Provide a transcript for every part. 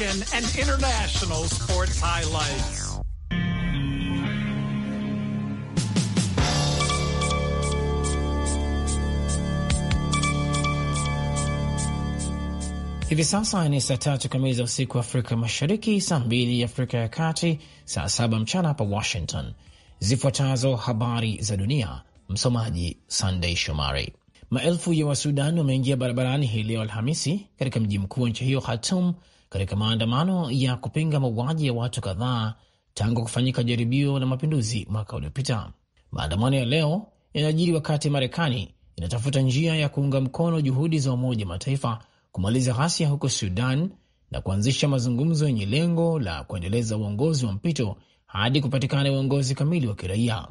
American and international sports highlights. Hivi sasa ni saa tatu kamili za usiku wa Afrika Mashariki, saa mbili Afrika ya Kati, saa saba mchana hapa Washington. Zifuatazo habari za dunia, msomaji Sandei Shomari. Maelfu ya Wasudan wameingia barabarani hii leo Alhamisi katika mji mkuu wa nchi hiyo Khartoum katika maandamano ya kupinga mauaji ya watu kadhaa tangu kufanyika jaribio la mapinduzi mwaka uliopita. Maandamano ya leo yanajiri wakati Marekani inatafuta njia ya kuunga mkono juhudi za Umoja wa Mataifa kumaliza ghasia huko Sudan na kuanzisha mazungumzo yenye lengo la kuendeleza uongozi wa mpito hadi kupatikana uongozi kamili wa kiraia.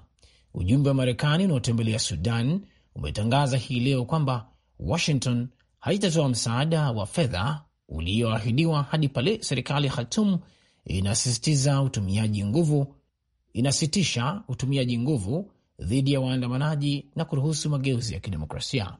Ujumbe wa Marekani unaotembelea Sudan umetangaza hii leo kwamba Washington haitatoa msaada wa fedha ulioahidiwa hadi pale serikali ya Khartum inasisitiza utumiaji nguvu inasitisha utumiaji nguvu dhidi ya waandamanaji na kuruhusu mageuzi ya kidemokrasia.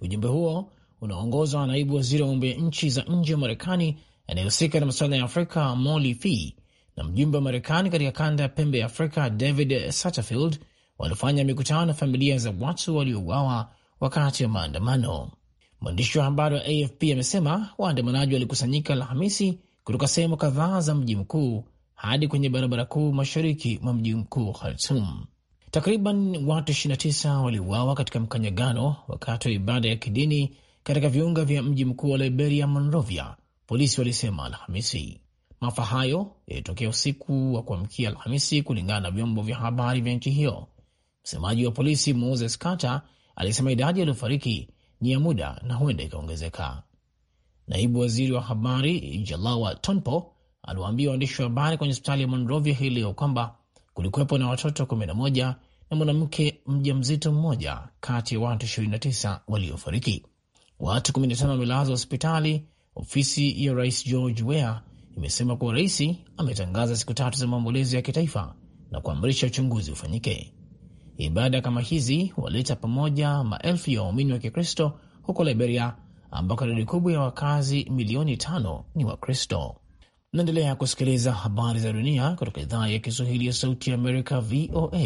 Ujumbe huo unaongozwa na naibu waziri wa mambo ya nchi za nje wa Marekani anayehusika na masuala ya Afrika Molly Fee na mjumbe wa Marekani katika kanda ya pembe ya Afrika David Satterfield walifanya mikutano na familia za watu waliouawa wakati wa maandamano. Mwandishi wa habari wa AFP amesema waandamanaji walikusanyika Alhamisi kutoka sehemu kadhaa za mji mkuu hadi kwenye barabara kuu mashariki mwa mji mkuu Khartum. Takriban watu 29 waliuawa katika mkanyagano wakati wa ibada ya kidini katika viunga vya mji mkuu wa Liberia, Monrovia, polisi walisema Alhamisi. Maafa hayo yalitokea usiku wa kuamkia Alhamisi, kulingana na vyombo vya habari vya nchi hiyo. Msemaji wa polisi Moses Carter alisema idadi yaliyofariki ni ya muda na huenda ikaongezeka. Naibu waziri wa habari Jalawa Tonpo aliwaambia waandishi wa habari kwenye hospitali ya Monrovia hii leo kwamba kulikuwepo na watoto 11 na mwanamke mja mzito mmoja kati ya watu 29 waliofariki. Watu 15 wamelazwa hospitali. Ofisi ya rais George wea imesema kuwa rais ametangaza siku tatu za maombolezi ya kitaifa na kuamrisha uchunguzi ufanyike. Ibada kama hizi waleta pamoja maelfu ya waumini wa Kikristo huko Liberia, ambako idadi kubwa ya wakazi milioni tano ni Wakristo. Naendelea kusikiliza habari za dunia kutoka idhaa ya Kiswahili ya Sauti ya Amerika, VOA,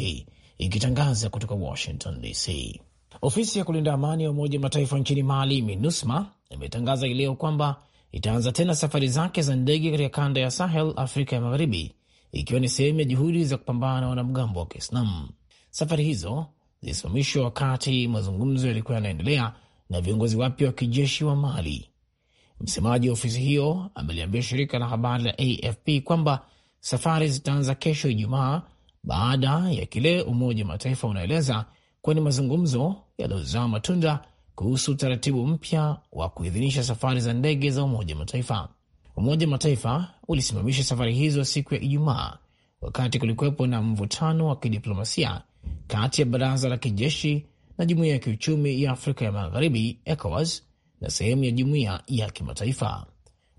ikitangaza kutoka Washington DC. Ofisi ya kulinda amani ya Umoja wa Mataifa nchini Mali, MINUSMA, imetangaza hii leo kwamba itaanza tena safari zake za ndege katika kanda ya Sahel, Afrika ya Magharibi, ikiwa ni sehemu ya juhudi za kupambana na wanamgambo wa Kiislamu. Safari hizo zilisimamishwa wakati mazungumzo yalikuwa yanaendelea na viongozi wapya wa kijeshi wa Mali. Msemaji wa ofisi hiyo ameliambia shirika la habari la AFP kwamba safari zitaanza kesho Ijumaa, baada ya kile Umoja wa Mataifa unaeleza kuwa ni mazungumzo yaliyozaa matunda kuhusu utaratibu mpya wa kuidhinisha safari za ndege za Umoja wa Mataifa. Umoja wa Mataifa ulisimamisha safari hizo siku ya Ijumaa wakati kulikuwepo na mvutano wa kidiplomasia kati ya baraza la kijeshi na jumuiya ya kiuchumi ya Afrika ya Magharibi, ECOWAS, na sehemu ya jumuiya ya kimataifa.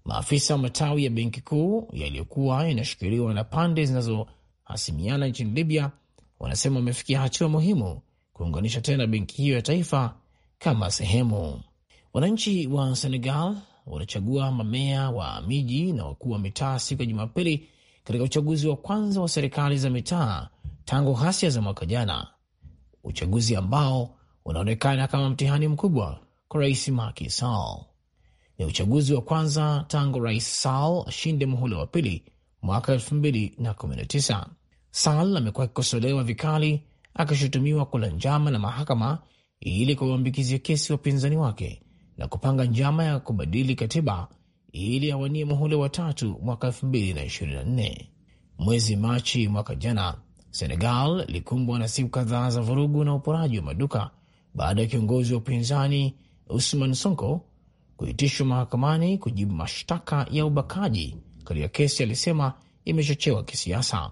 Maafisa wa matawi ya benki kuu yaliyokuwa yanashikiliwa na pande zinazohasimiana nchini Libya wanasema wamefikia hatua muhimu kuunganisha tena benki hiyo ya taifa kama sehemu. Wananchi wa Senegal wanachagua mamea wa miji na wakuu wa mitaa siku ya Jumapili katika uchaguzi wa kwanza wa serikali za mitaa tangu ghasia za mwaka jana, uchaguzi ambao unaonekana kama mtihani mkubwa kwa rais Macky Sall. Ni uchaguzi wa kwanza tangu rais Sall ashinde muhula wa pili mwaka 2019. Sall amekuwa akikosolewa vikali, akishutumiwa kula njama na mahakama ili kuwaambikizia kesi wapinzani wake na kupanga njama ya kubadili katiba ili awanie muhula wa tatu mwaka 2024. Mwezi Machi mwaka jana Senegal ilikumbwa na siku kadhaa za vurugu na uporaji wa maduka baada ya kiongozi wa upinzani Usman Sonko kuitishwa mahakamani kujibu mashtaka ya ubakaji katika kesi alisema imechochewa kisiasa.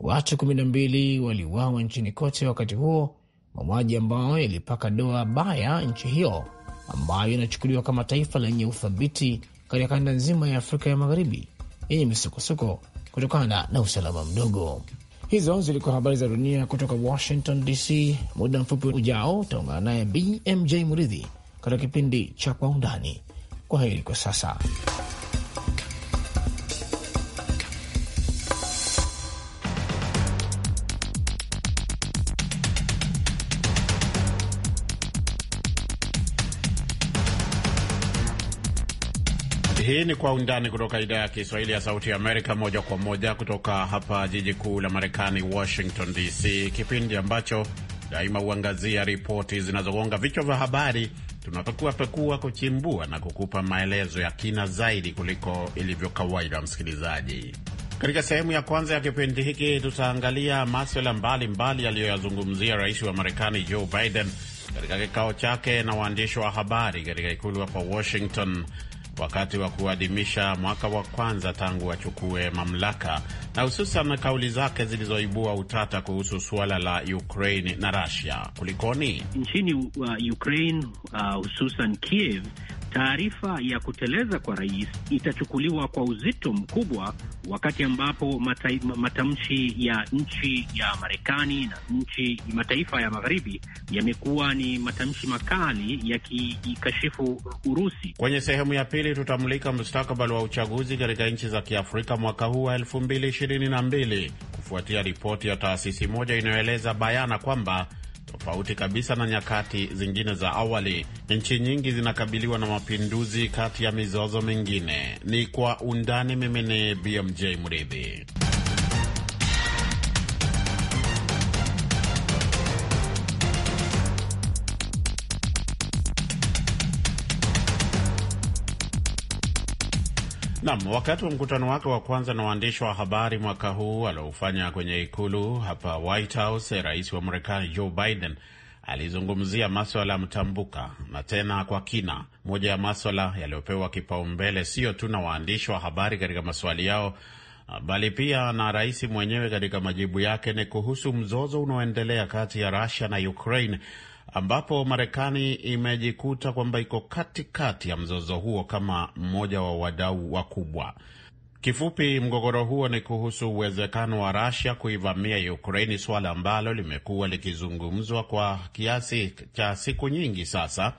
Watu kumi na mbili waliuawa nchini kote wakati huo, mauaji ambayo yalipaka doa baya nchi hiyo ambayo inachukuliwa kama taifa lenye uthabiti katika kanda nzima ya Afrika ya Magharibi yenye misukosuko kutokana na usalama mdogo. Hizo zilikuwa habari za dunia kutoka Washington DC. Muda mfupi ujao utaungana naye BMJ Muridhi katika kipindi cha Kwa Undani. Kwa heri kwa sasa. ni Kwa Undani kutoka idhaa ya Kiswahili ya Sauti Amerika, moja kwa moja kutoka hapa jiji kuu la Marekani, Washington DC, kipindi ambacho daima huangazia ripoti zinazogonga vichwa vya habari. Tunapekua pekua, kuchimbua na kukupa maelezo ya kina zaidi kuliko ilivyo kawaida, msikilizaji. Katika sehemu ya kwanza ya kipindi hiki tutaangalia maswala mbalimbali yaliyoyazungumzia rais wa Marekani Joe Biden katika kikao chake na waandishi wa habari katika ikulu hapa Washington wakati wa kuadhimisha mwaka wa kwanza tangu wachukue mamlaka, na hususan kauli zake zilizoibua utata kuhusu suala la Ukraine na Russia. Kulikoni nchini uh, Ukraine uh, Kiev Taarifa ya kuteleza kwa rais itachukuliwa kwa uzito mkubwa, wakati ambapo mata, matamshi ya nchi ya Marekani na nchi mataifa ya magharibi yamekuwa ni matamshi makali yakiikashifu Urusi. Kwenye sehemu ya pili tutamulika mustakabali wa uchaguzi katika nchi za Kiafrika mwaka huu wa 2022 kufuatia ripoti ya taasisi moja inayoeleza bayana kwamba tofauti kabisa na nyakati zingine za awali. Nchi nyingi zinakabiliwa na mapinduzi kati ya mizozo mingine. Ni kwa undani. Mimi ni BMJ Mridhi. Nam, wakati wa mkutano wake wa kwanza na waandishi wa habari mwaka huu aliofanya kwenye ikulu hapa White House, rais wa Marekani Joe Biden alizungumzia maswala ya mtambuka na tena kwa kina. Moja ya maswala yaliyopewa kipaumbele sio tu na waandishi wa habari katika maswali yao, bali pia na rais mwenyewe katika majibu yake, ni kuhusu mzozo unaoendelea kati ya Russia na Ukraine ambapo Marekani imejikuta kwamba iko katikati ya mzozo huo kama mmoja wa wadau wakubwa. Kifupi, mgogoro huo ni kuhusu uwezekano wa Russia kuivamia Ukraini, suala ambalo limekuwa likizungumzwa kwa kiasi cha siku nyingi sasa,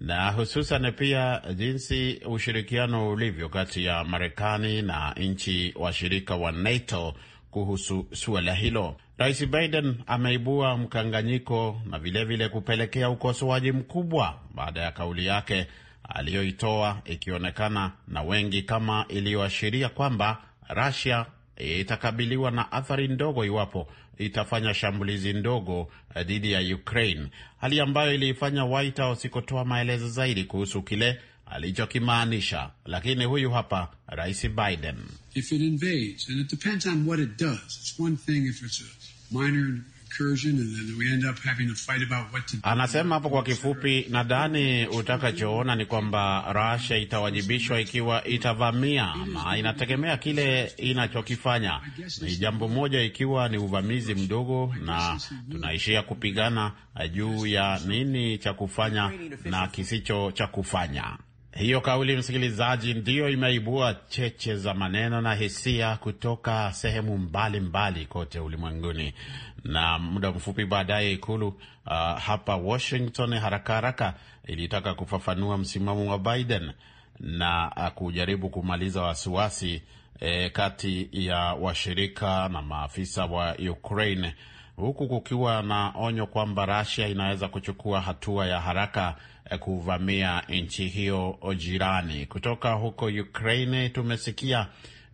na hususan pia jinsi ushirikiano ulivyo kati ya Marekani na nchi washirika wa NATO kuhusu suala hilo. Rais Biden ameibua mkanganyiko na vilevile vile kupelekea ukosoaji mkubwa baada ya kauli yake aliyoitoa ikionekana na wengi kama iliyoashiria kwamba Russia itakabiliwa na athari ndogo iwapo itafanya shambulizi ndogo dhidi ya Ukraine, hali ambayo iliifanya White House ikotoa maelezo zaidi kuhusu kile alichokimaanisha. Lakini huyu hapa Rais Biden. If it invades, and it depends on what it does. It's one thing if it's a minor Anasema hapo kwa kifupi, nadhani utakachoona ni kwamba Russia itawajibishwa ikiwa itavamia, na inategemea kile inachokifanya. Ni jambo moja ikiwa ni uvamizi mdogo, na tunaishia kupigana juu ya nini cha kufanya na kisicho cha kufanya. Hiyo kauli, msikilizaji, ndiyo imeibua cheche za maneno na hisia kutoka sehemu mbalimbali mbali kote ulimwenguni. Na muda mfupi baadaye ikulu uh, hapa Washington haraka haraka ilitaka kufafanua msimamo wa Biden na uh, kujaribu kumaliza wasiwasi eh, kati ya washirika na maafisa wa Ukraine, huku kukiwa na onyo kwamba Russia inaweza kuchukua hatua ya haraka Eh, kuvamia nchi hiyo jirani. Kutoka huko Ukraine tumesikia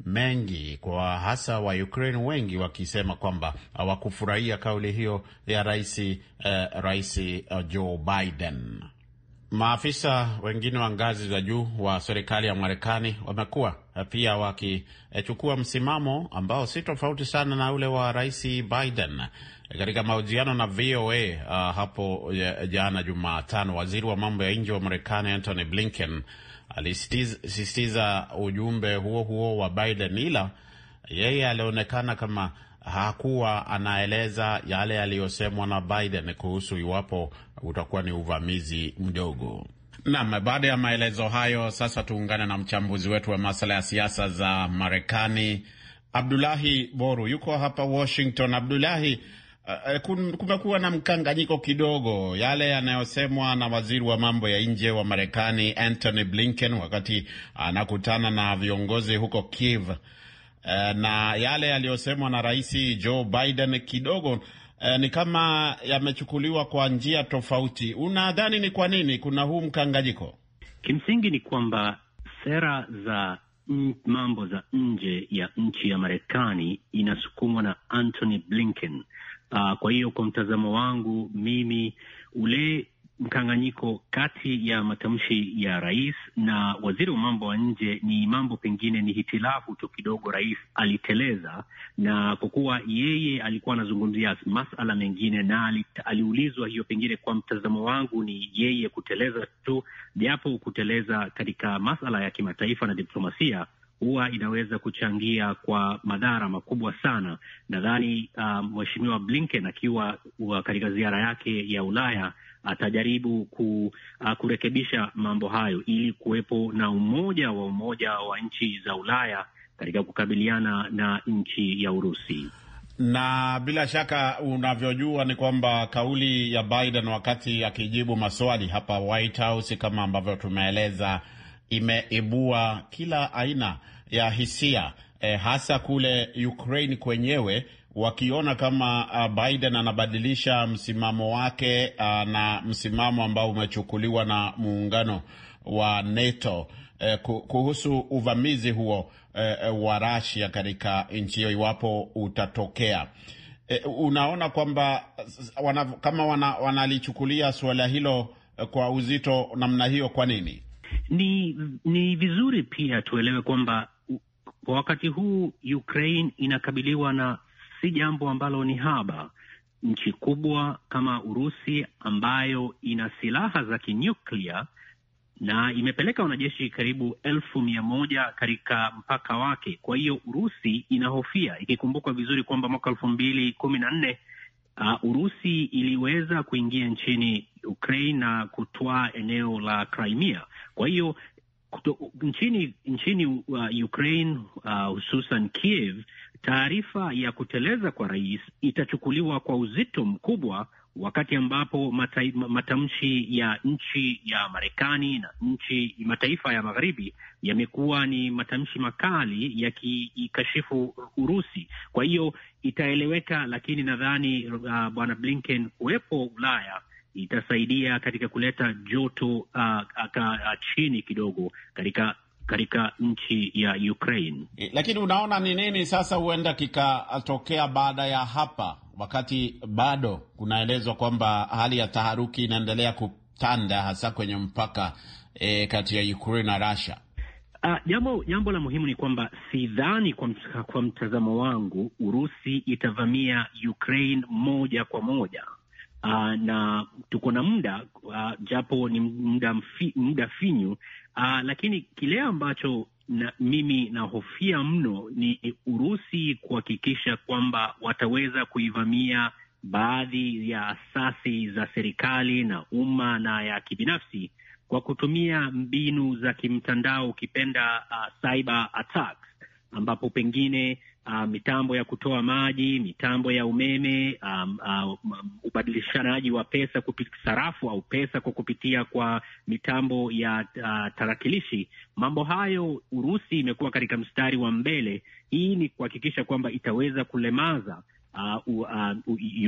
mengi kwa hasa wa Ukraine wengi wakisema kwamba hawakufurahia kauli hiyo ya rais eh, rais eh, Joe Biden. Maafisa wengine wa ngazi za juu wa serikali ya Marekani wamekuwa eh, pia wakichukua msimamo ambao si tofauti sana na ule wa rais Biden katika mahojiano na VOA uh, hapo jana Jumatano, waziri wa mambo ya nje wa Marekani Anthony Blinken alisisitiza ujumbe huo huo wa Biden, ila yeye alionekana kama hakuwa anaeleza yale yaliyosemwa na Biden kuhusu iwapo utakuwa ni uvamizi mdogo. Naam, baada ya maelezo hayo, sasa tuungane na mchambuzi wetu wa masuala ya siasa za Marekani Abdulahi Boru, yuko hapa Washington. Abdulahi, uh, kumekuwa na mkanganyiko kidogo, yale yanayosemwa na waziri wa mambo ya nje wa Marekani Antony Blinken wakati anakutana uh, na viongozi huko Kiev uh, eh, na yale yaliyosemwa na Rais Joe Biden kidogo ni kama yamechukuliwa kwa njia tofauti. Unadhani ni kwa nini kuna huu mkanganyiko? Kimsingi ni kwamba sera za Mm, mambo za nje ya nchi ya Marekani inasukumwa na antony Blinken. Uh, kwa hiyo kwa mtazamo wangu mimi ule mkanganyiko kati ya matamshi ya rais na waziri wa mambo wa nje ni mambo pengine ni hitilafu tu kidogo, rais aliteleza, na kwa kuwa yeye alikuwa anazungumzia masala mengine na aliulizwa hiyo, pengine kwa mtazamo wangu ni yeye kuteleza tu, japo kuteleza katika masala ya kimataifa na diplomasia huwa inaweza kuchangia kwa madhara makubwa sana. Nadhani uh, mheshimiwa Blinken akiwa katika ziara yake ya Ulaya atajaribu ku, uh, kurekebisha mambo hayo ili kuwepo na umoja wa Umoja wa nchi za Ulaya katika kukabiliana na nchi ya Urusi na bila shaka unavyojua ni kwamba kauli ya Biden wakati akijibu maswali hapa White House, kama ambavyo tumeeleza, imeibua kila aina ya hisia eh, hasa kule Ukraine kwenyewe wakiona kama uh, Biden anabadilisha msimamo wake uh, na msimamo ambao umechukuliwa na muungano wa NATO eh, kuhusu uvamizi huo eh, eh, wa Russia katika nchi hiyo iwapo utatokea. Eh, unaona kwamba wana, kama wana, wanalichukulia suala hilo eh, kwa uzito namna hiyo, kwa nini? Ni, ni vizuri pia tuelewe kwamba kwa wakati huu Ukraine inakabiliwa na si jambo ambalo ni haba, nchi kubwa kama Urusi ambayo ina silaha za kinyuklia na imepeleka wanajeshi karibu elfu mia moja katika mpaka wake. Kwa hiyo Urusi inahofia, ikikumbukwa vizuri kwamba mwaka elfu mbili kumi na nne uh, Urusi iliweza kuingia nchini Ukraine na kutwaa eneo la Crimea. Kwa hiyo kuto, nchini, nchini uh, Ukraine uh, hususan Kiev, taarifa ya kuteleza kwa rais itachukuliwa kwa uzito mkubwa wakati ambapo mata, matamshi ya nchi ya Marekani na nchi mataifa ya magharibi yamekuwa ni matamshi makali yakiikashifu Urusi. Kwa hiyo itaeleweka, lakini nadhani uh, bwana Blinken kuwepo Ulaya itasaidia katika kuleta joto uh, uh, chini kidogo katika katika nchi ya Ukraine. Eh, lakini unaona ni nini sasa huenda kikatokea baada ya hapa, wakati bado kunaelezwa kwamba hali ya taharuki inaendelea kutanda hasa kwenye mpaka e, kati ya Ukraine na Russia. Uh, jambo jambo la muhimu ni kwamba sidhani kwa, kwa mtazamo wangu Urusi itavamia Ukraine moja kwa moja uh, na tuko na muda uh, japo ni muda mfi, muda finyu uh, lakini kile ambacho na mimi nahofia mno ni Urusi kuhakikisha kwamba wataweza kuivamia baadhi ya asasi za serikali na umma na ya kibinafsi kwa kutumia mbinu za kimtandao ukipenda, uh, cyber attacks ambapo pengine uh, mitambo ya kutoa maji, mitambo ya umeme, um, uh, ubadilishanaji wa pesa kupitia sarafu au pesa kwa kupitia kwa mitambo ya uh, tarakilishi. Mambo hayo Urusi imekuwa katika mstari wa mbele. Hii ni kuhakikisha kwamba itaweza kulemaza Uh, uh,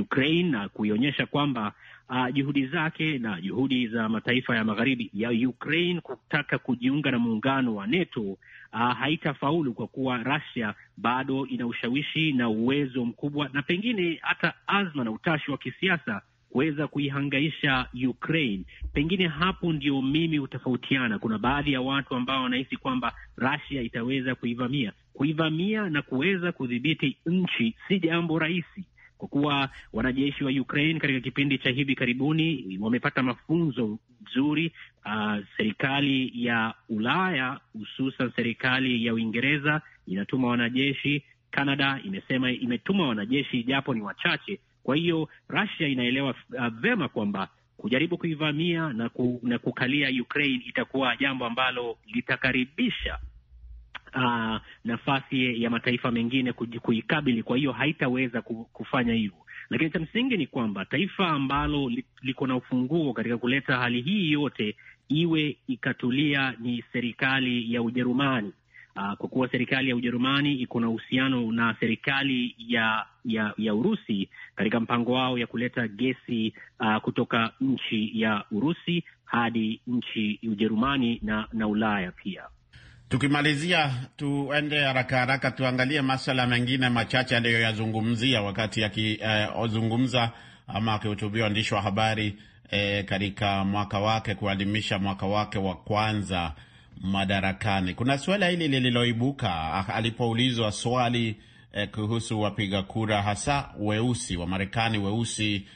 Ukraine na kuionyesha kwamba uh, juhudi zake na juhudi za mataifa ya magharibi ya Ukraine kutaka kujiunga na muungano wa NATO uh, haitafaulu kwa kuwa Russia bado ina ushawishi na uwezo mkubwa na pengine hata azma na utashi wa kisiasa kuweza kuihangaisha Ukraine. Pengine hapo ndio mimi hutofautiana. Kuna baadhi ya watu ambao wanahisi kwamba Russia itaweza kuivamia kuivamia na kuweza kudhibiti nchi si jambo rahisi, kwa kuwa wanajeshi wa Ukraine katika kipindi cha hivi karibuni wamepata mafunzo nzuri. Uh, serikali ya Ulaya hususan serikali ya Uingereza inatuma wanajeshi. canada imesema imetuma wanajeshi japo ni wachache. Kwa hiyo Russia inaelewa uh, vema kwamba kujaribu kuivamia na, ku, na kukalia Ukraine itakuwa jambo ambalo litakaribisha uh, nafasi ya mataifa mengine kuikabili, kwa hiyo haitaweza kufanya hivyo. Lakini cha msingi ni kwamba taifa ambalo liko na ufunguo katika kuleta hali hii yote iwe ikatulia ni serikali ya Ujerumani. Uh, kwa kuwa serikali ya Ujerumani iko na uhusiano na serikali ya, ya, ya Urusi katika mpango wao ya kuleta gesi uh, kutoka nchi ya Urusi hadi nchi Ujerumani na, na Ulaya pia. Tukimalizia tuende haraka haraka, tuangalie maswala mengine machache aliyoyazungumzia wakati akizungumza eh, ama akihutubia waandishi wa habari eh, katika mwaka wake kuadhimisha mwaka wake wa kwanza madarakani. Kuna suala hili lililoibuka ah, alipoulizwa swali eh, kuhusu wapiga kura hasa weusi wa Marekani weusi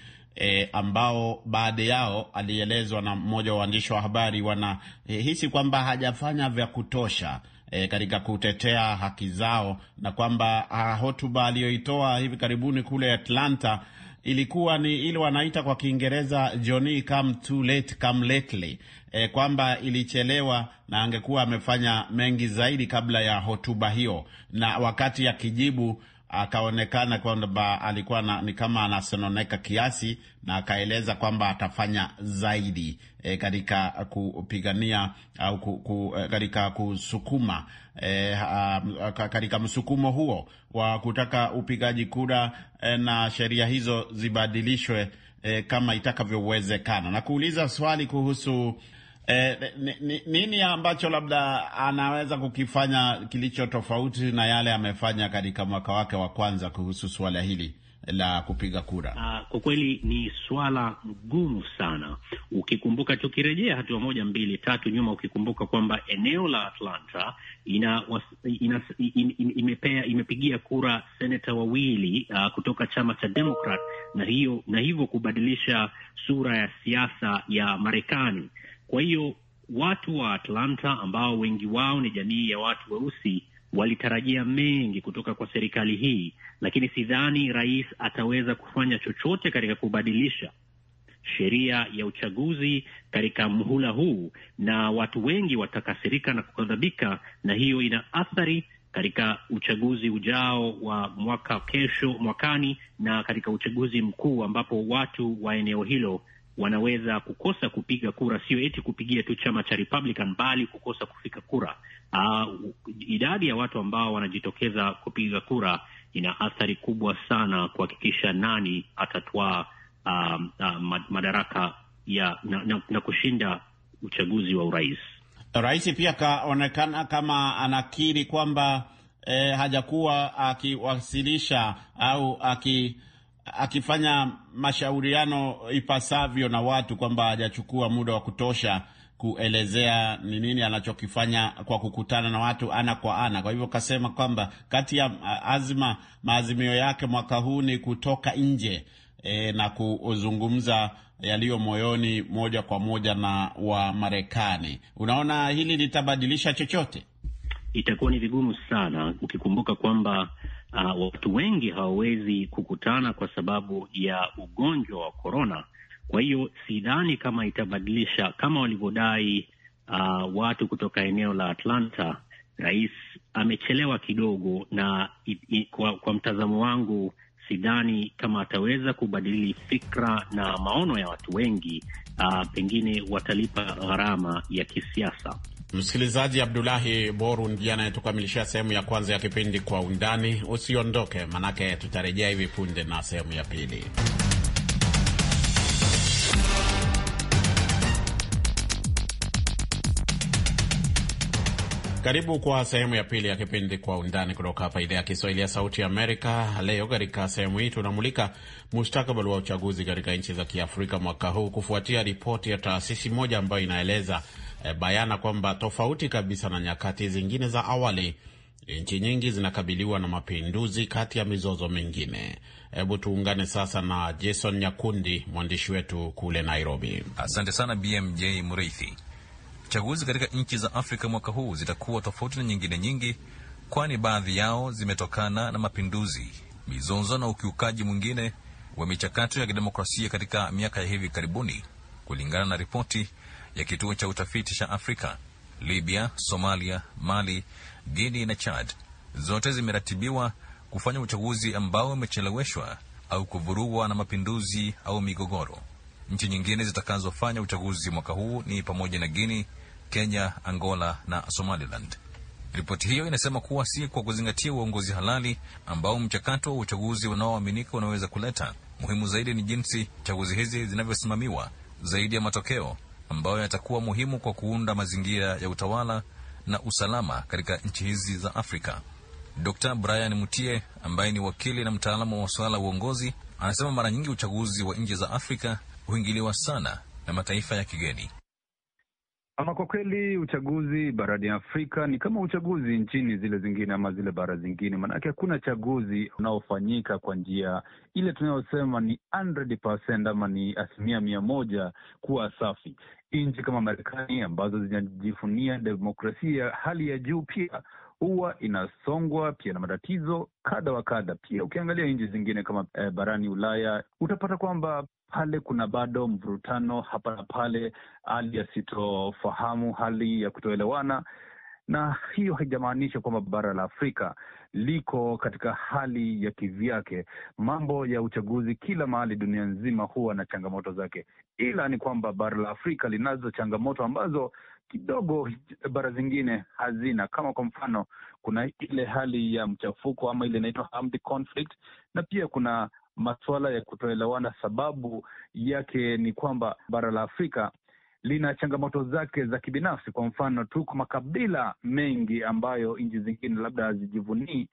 e, ambao baadhi yao alielezwa na mmoja wa waandishi wa habari wanahisi e, kwamba hajafanya vya kutosha E, katika kutetea haki zao na kwamba hotuba aliyoitoa hivi karibuni kule Atlanta ilikuwa ni ile wanaita kwa Kiingereza Johnny come too late come lately, e, kwamba ilichelewa na angekuwa amefanya mengi zaidi kabla ya hotuba hiyo, na wakati akijibu akaonekana kwamba alikuwa na, ni kama anasononeka kiasi na akaeleza kwamba atafanya zaidi e, katika kupigania au ku, ku, eh, katika kusukuma e, katika msukumo huo wa kutaka upigaji kura e, na sheria hizo zibadilishwe e, kama itakavyowezekana na kuuliza swali kuhusu E, eh, nini ambacho labda anaweza kukifanya kilicho tofauti na yale amefanya katika mwaka wake wa kwanza kuhusu suala hili la kupiga kura? Uh, kwa kweli ni swala gumu sana, ukikumbuka tukirejea hatua moja mbili tatu nyuma, ukikumbuka kwamba eneo la Atlanta ina, was, ina, in, in, imepea, imepigia kura seneta wawili uh, kutoka chama cha Democrat na hiyo na hivyo kubadilisha sura ya siasa ya Marekani. Kwa hiyo watu wa Atlanta ambao wengi wao ni jamii ya watu weusi walitarajia mengi kutoka kwa serikali hii, lakini sidhani rais ataweza kufanya chochote katika kubadilisha sheria ya uchaguzi katika mhula huu, na watu wengi watakasirika na kukadhabika na hiyo ina athari katika uchaguzi ujao wa mwaka kesho mwakani, na katika uchaguzi mkuu ambapo watu wa eneo hilo wanaweza kukosa kupiga kura, sio eti kupigia tu chama cha Republican, bali kukosa kufika kura. Uh, idadi ya watu ambao wanajitokeza kupiga kura ina athari kubwa sana kuhakikisha nani atatwaa uh, uh, madaraka ya na, na, na kushinda uchaguzi wa urais. Rais pia kaonekana kama anakiri kwamba eh, hajakuwa akiwasilisha au aki akifanya mashauriano ipasavyo na watu kwamba hajachukua muda wa kutosha kuelezea ni nini anachokifanya kwa kukutana na watu ana kwa ana. Kwa hivyo kasema kwamba kati ya azima maazimio yake mwaka huu ni kutoka nje e, na kuzungumza yaliyo moyoni moja kwa moja na Wamarekani. Unaona hili litabadilisha chochote? Itakuwa ni vigumu sana, ukikumbuka kwamba uh, watu wengi hawawezi kukutana kwa sababu ya ugonjwa wa korona. Kwa hiyo sidhani kama itabadilisha kama walivyodai uh, watu kutoka eneo la Atlanta. Rais amechelewa kidogo, na i, i, kwa, kwa mtazamo wangu sidhani kama ataweza kubadili fikra na maono ya watu wengi. Uh, pengine watalipa gharama ya kisiasa. Msikilizaji, Abdulahi Boru ndiye anayetukamilishia sehemu ya kwanza ya kipindi Kwa Undani. Usiondoke, manake tutarejea hivi punde na sehemu ya pili. Karibu kwa sehemu ya pili ya kipindi Kwa Undani kutoka hapa idhaa ya Kiswahili ya Sauti Amerika. Leo katika sehemu hii tunamulika mustakabali wa uchaguzi katika nchi za Kiafrika mwaka huu kufuatia ripoti ya taasisi moja ambayo inaeleza e, bayana kwamba tofauti kabisa na nyakati zingine za awali, nchi nyingi zinakabiliwa na mapinduzi kati ya mizozo mingine. Hebu tuungane sasa na Jason Nyakundi, mwandishi wetu kule Nairobi. Asante sana BMJ mreithi Chaguzi katika nchi za Afrika mwaka huu zitakuwa tofauti na nyingine nyingi, kwani baadhi yao zimetokana na mapinduzi, mizozo na ukiukaji mwingine wa michakato ya kidemokrasia katika miaka ya hivi karibuni, kulingana na ripoti ya kituo cha utafiti cha Afrika. Libya, Somalia, Mali, Guinea na Chad zote zimeratibiwa kufanya uchaguzi ambao umecheleweshwa au kuvurugwa na mapinduzi au migogoro. Nchi nyingine zitakazofanya uchaguzi mwaka huu ni pamoja na Guini, Kenya, Angola na Somaliland. Ripoti hiyo inasema kuwa si kwa kuzingatia uongozi halali ambao mchakato wa uchaguzi unaoaminika unaweza kuleta. Muhimu zaidi ni jinsi chaguzi hizi zinavyosimamiwa zaidi ya matokeo, ambayo yatakuwa muhimu kwa kuunda mazingira ya utawala na usalama katika nchi hizi za Afrika. Dr Brian Mutie, ambaye ni wakili na mtaalamu wa suala uongozi, anasema mara nyingi uchaguzi wa nchi za Afrika huingiliwa sana na mataifa ya kigeni. Ama kwa kweli uchaguzi barani Afrika ni kama uchaguzi nchini zile zingine ama zile bara zingine, maanake hakuna chaguzi unaofanyika kwa njia ile tunayosema ni 100% ama ni asilimia mia moja kuwa safi. Nchi kama Marekani ambazo zinajifunia demokrasia hali ya juu pia huwa inasongwa pia na matatizo kadha wa kadha. Pia ukiangalia nchi zingine kama e, barani Ulaya utapata kwamba pale kuna bado mvurutano hapa na pale, hali yasitofahamu hali ya kutoelewana, na hiyo haijamaanisha kwamba bara la Afrika liko katika hali ya kivyake. Mambo ya uchaguzi kila mahali dunia nzima huwa na changamoto zake, ila ni kwamba bara la Afrika linazo changamoto ambazo kidogo bara zingine hazina, kama kwa mfano, kuna ile hali ya mchafuko ama ile inaitwa armed conflict, na pia kuna masuala ya kutoelewana. Sababu yake ni kwamba bara la Afrika lina changamoto zake za kibinafsi. Kwa mfano, tuko makabila mengi ambayo nchi zingine labda hazijivunii,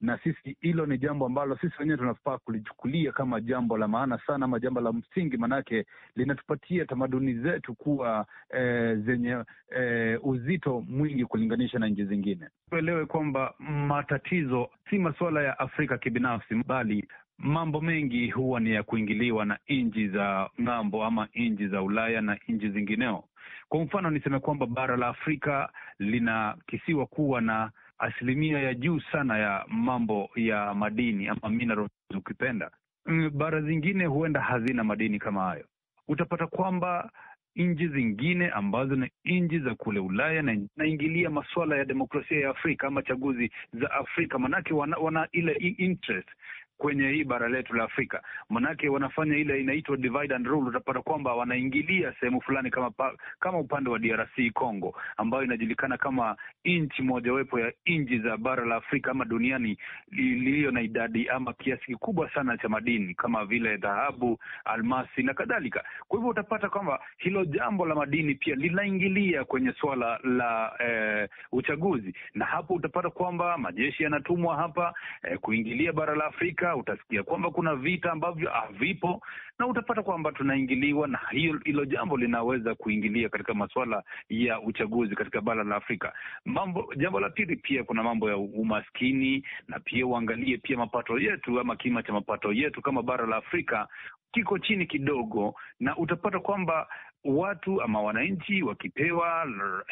na sisi hilo ni jambo ambalo sisi wenyewe tunafaa kulichukulia kama jambo la maana sana, ama jambo la msingi, maanake linatupatia tamaduni zetu kuwa e, zenye e, uzito mwingi kulinganisha na nchi zingine. Tuelewe kwamba matatizo si masuala ya Afrika kibinafsi, bali mambo mengi huwa ni ya kuingiliwa na nchi za ng'ambo ama nchi za Ulaya na nchi zingineo. Kwa mfano, niseme kwamba bara la Afrika linakisiwa kuwa na asilimia ya juu sana ya mambo ya madini ama minerals ukipenda. Mm, bara zingine huenda hazina madini kama hayo. Utapata kwamba nchi zingine ambazo ni nchi za kule Ulaya na inaingilia masuala ya demokrasia ya Afrika ama chaguzi za Afrika, manake wana, wana ile interest kwenye hii bara letu la Afrika, manake wanafanya ile inaitwa divide and rule. Utapata kwamba wanaingilia sehemu fulani kama pa, kama upande wa DRC Congo, ambayo inajulikana kama nchi mojawapo ya nchi za bara la Afrika ama duniani iliyo na idadi ama kiasi kikubwa sana cha madini kama vile dhahabu, almasi na kadhalika. Kwa hivyo utapata kwamba hilo jambo la madini pia linaingilia kwenye suala la eh, uchaguzi, na hapo utapata kwamba majeshi yanatumwa hapa eh, kuingilia bara la Afrika vita, utasikia kwamba kuna vita ambavyo havipo, na utapata kwamba tunaingiliwa, na hiyo hilo jambo linaweza kuingilia katika masuala ya uchaguzi katika bara la Afrika. Mambo jambo la pili, pia kuna mambo ya umaskini, na pia uangalie pia mapato yetu ama kima cha mapato yetu kama bara la Afrika kiko chini kidogo, na utapata kwamba watu ama wananchi wakipewa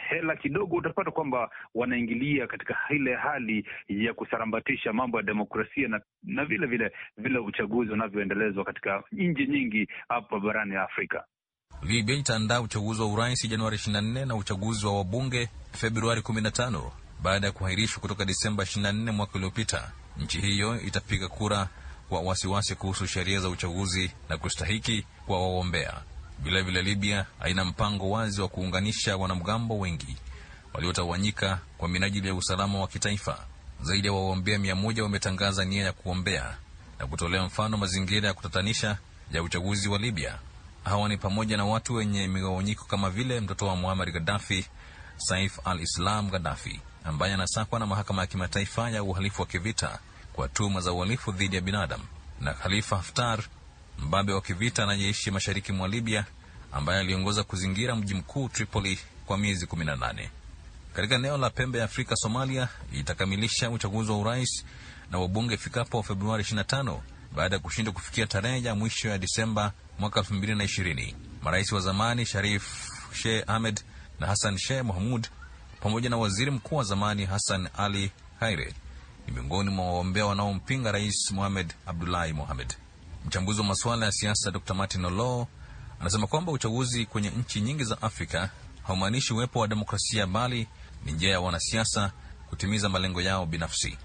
hela kidogo, utapata kwamba wanaingilia katika ile hali ya kusarambatisha mambo ya demokrasia na, na vile vile vile uchaguzi unavyoendelezwa katika nchi nyingi hapa barani ya Afrika. VBA itaandaa uchaguzi wa urais Januari 24 na uchaguzi wa wabunge Februari 15 baada ya kuahirishwa kutoka Disemba 24 mwaka uliopita. Nchi hiyo itapiga kura kwa wasiwasi kuhusu sheria za uchaguzi na kustahiki kwa wagombea. Vilevile Libya haina mpango wazi wa kuunganisha wanamgambo wengi waliotawanyika kwa minajili ya usalama wa kitaifa. Zaidi ya waombea mia moja wametangaza nia ya kuombea na kutolea mfano mazingira ya kutatanisha ya uchaguzi wa Libya. Hawa ni pamoja na watu wenye migawanyiko kama vile mtoto wa Muammar Gaddafi, Saif al-Islam Gaddafi ambaye anasakwa na mahakama ya kimataifa ya uhalifu wa kivita kwa tuhuma za uhalifu dhidi ya binadamu na Khalifa Haftar mbabe wa kivita na jeshi mashariki mwa Libya ambaye aliongoza kuzingira mji mkuu Tripoli kwa miezi 18. Katika eneo la pembe ya Afrika, Somalia itakamilisha uchaguzi wa urais na wabunge ifikapo Februari 25 baada ya kushindwa kufikia tarehe ya mwisho ya Disemba mwaka 2020. Marais wa zamani Sharif Sheikh Ahmed na Hassan Sheikh Mohamud pamoja na waziri mkuu wa zamani Hassan Ali Haire ni miongoni mwa wagombea wanaompinga Rais Mohamed Abdullahi Mohamed. Mchambuzi wa masuala ya siasa Dr Martin Olo anasema kwamba uchaguzi kwenye nchi nyingi za Afrika haumaanishi uwepo wa demokrasia, bali ni njia ya wanasiasa kutimiza malengo yao binafsi.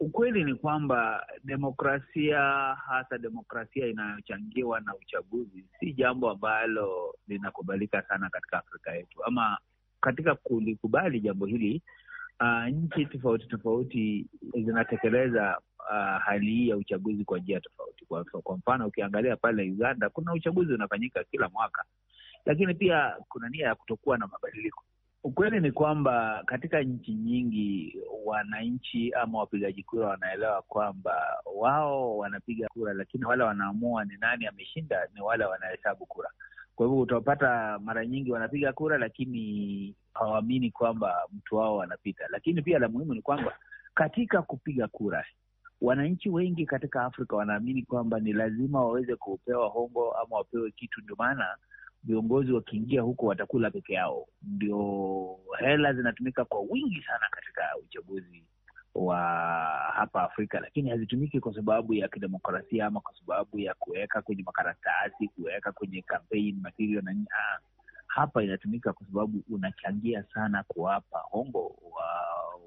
Ukweli ni kwamba demokrasia, hasa demokrasia inayochangiwa na uchaguzi, si jambo ambalo linakubalika sana katika Afrika yetu. Ama katika kulikubali jambo hili, uh, nchi tofauti tofauti zinatekeleza uh, hali hii ya uchaguzi kwa njia tofauti. Kwa, kwa mfano ukiangalia pale Uganda kuna uchaguzi unafanyika kila mwaka, lakini pia kuna nia ya kutokuwa na mabadiliko. Ukweli ni kwamba katika nchi nyingi wananchi ama wapigaji kura wanaelewa kwamba wao wanapiga kura, lakini wale wanaamua ni nani ameshinda ni wale wanahesabu kura. Kwa hivyo utapata mara nyingi wanapiga kura, lakini hawaamini kwamba mtu wao anapita. Lakini pia la muhimu ni kwamba katika kupiga kura wananchi wengi katika Afrika wanaamini kwamba ni lazima waweze kupewa hongo ama wapewe kitu, ndio maana viongozi wakiingia huko watakula peke yao. Ndio hela zinatumika kwa wingi sana katika uchaguzi wa hapa Afrika, lakini hazitumiki kwa sababu ya kidemokrasia ama kwa sababu ya kuweka kwenye makaratasi, kuweka kwenye campaign material na nini. Ah, hapa inatumika kwa sababu unachangia sana kuwapa hongo wa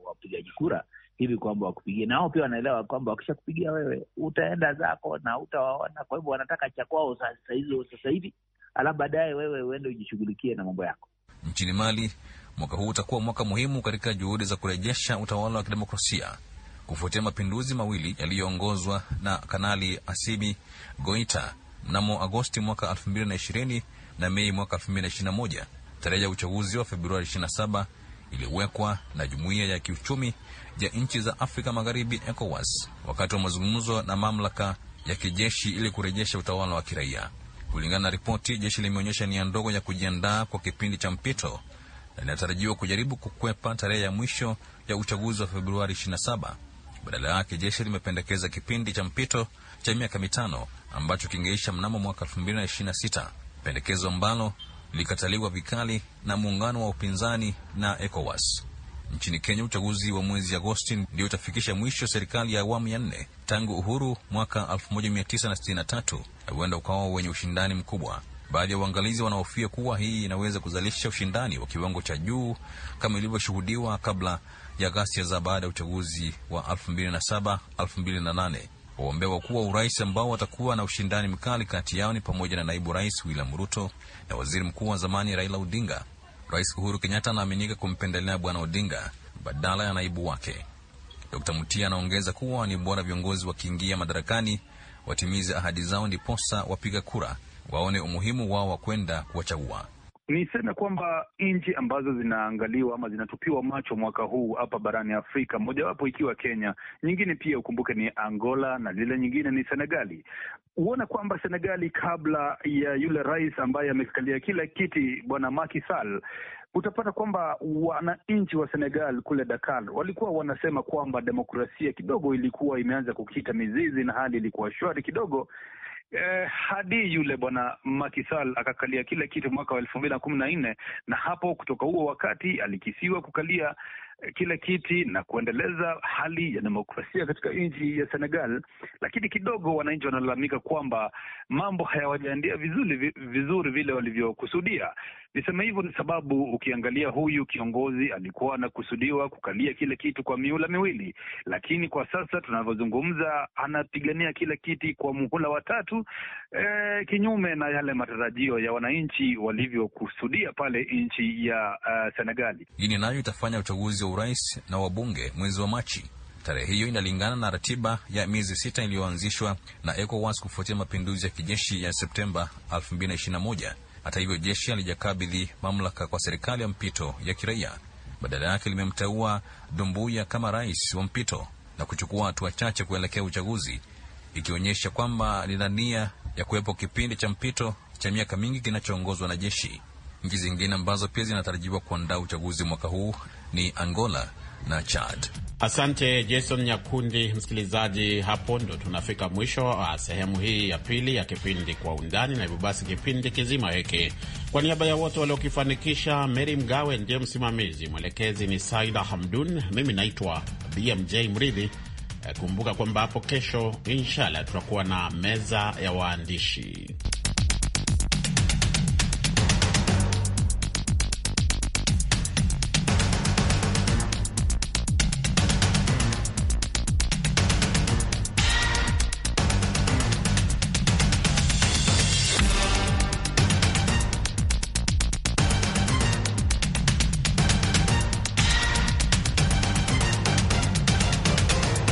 wapigaji kura hivi kwamba wakupigie, na wao pia wanaelewa kwamba wakisha kupigia wewe utaenda zako na utawaona. Kwa hivyo wanataka cha kwao sasa hizo sasa hivi, alafu baadaye wewe uende ujishughulikie na mambo yako. Nchini Mali, mwaka huu utakuwa mwaka muhimu katika juhudi za kurejesha utawala wa kidemokrasia kufuatia mapinduzi mawili yaliyoongozwa na Kanali Asimi Goita mnamo Agosti mwaka 2020 na Mei mwaka 2021. Tarehe ya uchaguzi wa Februari iliyowekwa na jumuiya ya kiuchumi ya nchi za Afrika Magharibi, ECOWAS, wakati wa mazungumzo na mamlaka ya kijeshi ili kurejesha utawala wa kiraia. Kulingana na ripoti, jeshi limeonyesha nia ndogo ya kujiandaa kwa kipindi cha mpito na linatarajiwa kujaribu kukwepa tarehe ya mwisho ya uchaguzi wa Februari 27. Badala yake jeshi limependekeza kipindi cha mpito cha miaka mitano ambacho kingeisha mnamo mwaka 2026, pendekezo ambalo likataliwa vikali na muungano wa upinzani na ECOWAS. Nchini Kenya, uchaguzi wa mwezi Agosti ndio utafikisha mwisho serikali ya awamu ya nne tangu uhuru mwaka 1963 na huenda ukawa wenye ushindani mkubwa. Baadhi ya waangalizi wanahofia kuwa hii inaweza kuzalisha ushindani wa kiwango cha juu kama ilivyoshuhudiwa kabla ya ghasia za baada ya uchaguzi wa 2007 2008. Wagombea wakuu wa urais ambao watakuwa na ushindani mkali kati yao ni pamoja na naibu rais William Ruto na waziri mkuu wa zamani Raila Odinga. Rais Uhuru Kenyatta anaaminika kumpendelea Bwana Odinga badala ya naibu wake. Dkt Mutia anaongeza kuwa ni bora viongozi wakiingia madarakani watimize ahadi zao, ndiposa wapiga kura waone umuhimu wao wa kwenda kuwachagua. Niseme kwamba nchi ambazo zinaangaliwa ama zinatupiwa macho mwaka huu hapa barani Afrika, mojawapo ikiwa Kenya, nyingine pia ukumbuke ni Angola na lile nyingine ni Senegali. Huona kwamba Senegali, kabla ya yule rais ambaye amekalia kila kiti bwana Macky Sall, utapata kwamba wananchi wa Senegal kule Dakar walikuwa wanasema kwamba demokrasia kidogo ilikuwa imeanza kukita mizizi na hali ilikuwa shwari kidogo Eh, hadi yule bwana Makisal akakalia kile kiti mwaka wa elfu mbili na kumi na nne na hapo kutoka huo wakati alikisiwa kukalia kile kiti na kuendeleza hali ya demokrasia katika nchi ya Senegal, lakini kidogo wananchi wanalalamika kwamba mambo hayawajaendia vizuri vizuri vile walivyokusudia. Niseme hivyo ni sababu ukiangalia huyu kiongozi alikuwa anakusudiwa kukalia kile kitu kwa miula miwili, lakini kwa sasa tunavyozungumza anapigania kile kiti kwa muhula wa tatu, e, kinyume na yale matarajio ya wananchi walivyokusudia pale nchi ya uh, eh, Senegali. Hii nayo itafanya uchaguzi urais na wabunge mwezi wa Machi. Tarehe hiyo inalingana na ratiba ya miezi sita iliyoanzishwa na ECOWAS kufuatia mapinduzi ya kijeshi ya Septemba 2021. Hata hivyo, jeshi alijakabidhi mamlaka kwa serikali ya mpito ya kiraia. Badala yake limemteua Dumbuya kama rais wa mpito na kuchukua hatua chache kuelekea uchaguzi, ikionyesha kwamba lina nia ya kuwepo kipindi cha mpito cha miaka mingi kinachoongozwa na jeshi. Nchi zingine ambazo pia zinatarajiwa kuandaa uchaguzi mwaka huu ni Angola na Chad. Asante Jason Nyakundi. Msikilizaji, hapo ndo tunafika mwisho wa sehemu hii ya pili ya kipindi Kwa Undani, na hivyo basi kipindi kizima hiki, kwa niaba ya wote waliokifanikisha, mery Mgawe ndiye msimamizi, mwelekezi ni Saida Hamdun, mimi naitwa BMJ Mridhi. Kumbuka kwamba hapo kesho, inshallah, tutakuwa na meza ya waandishi.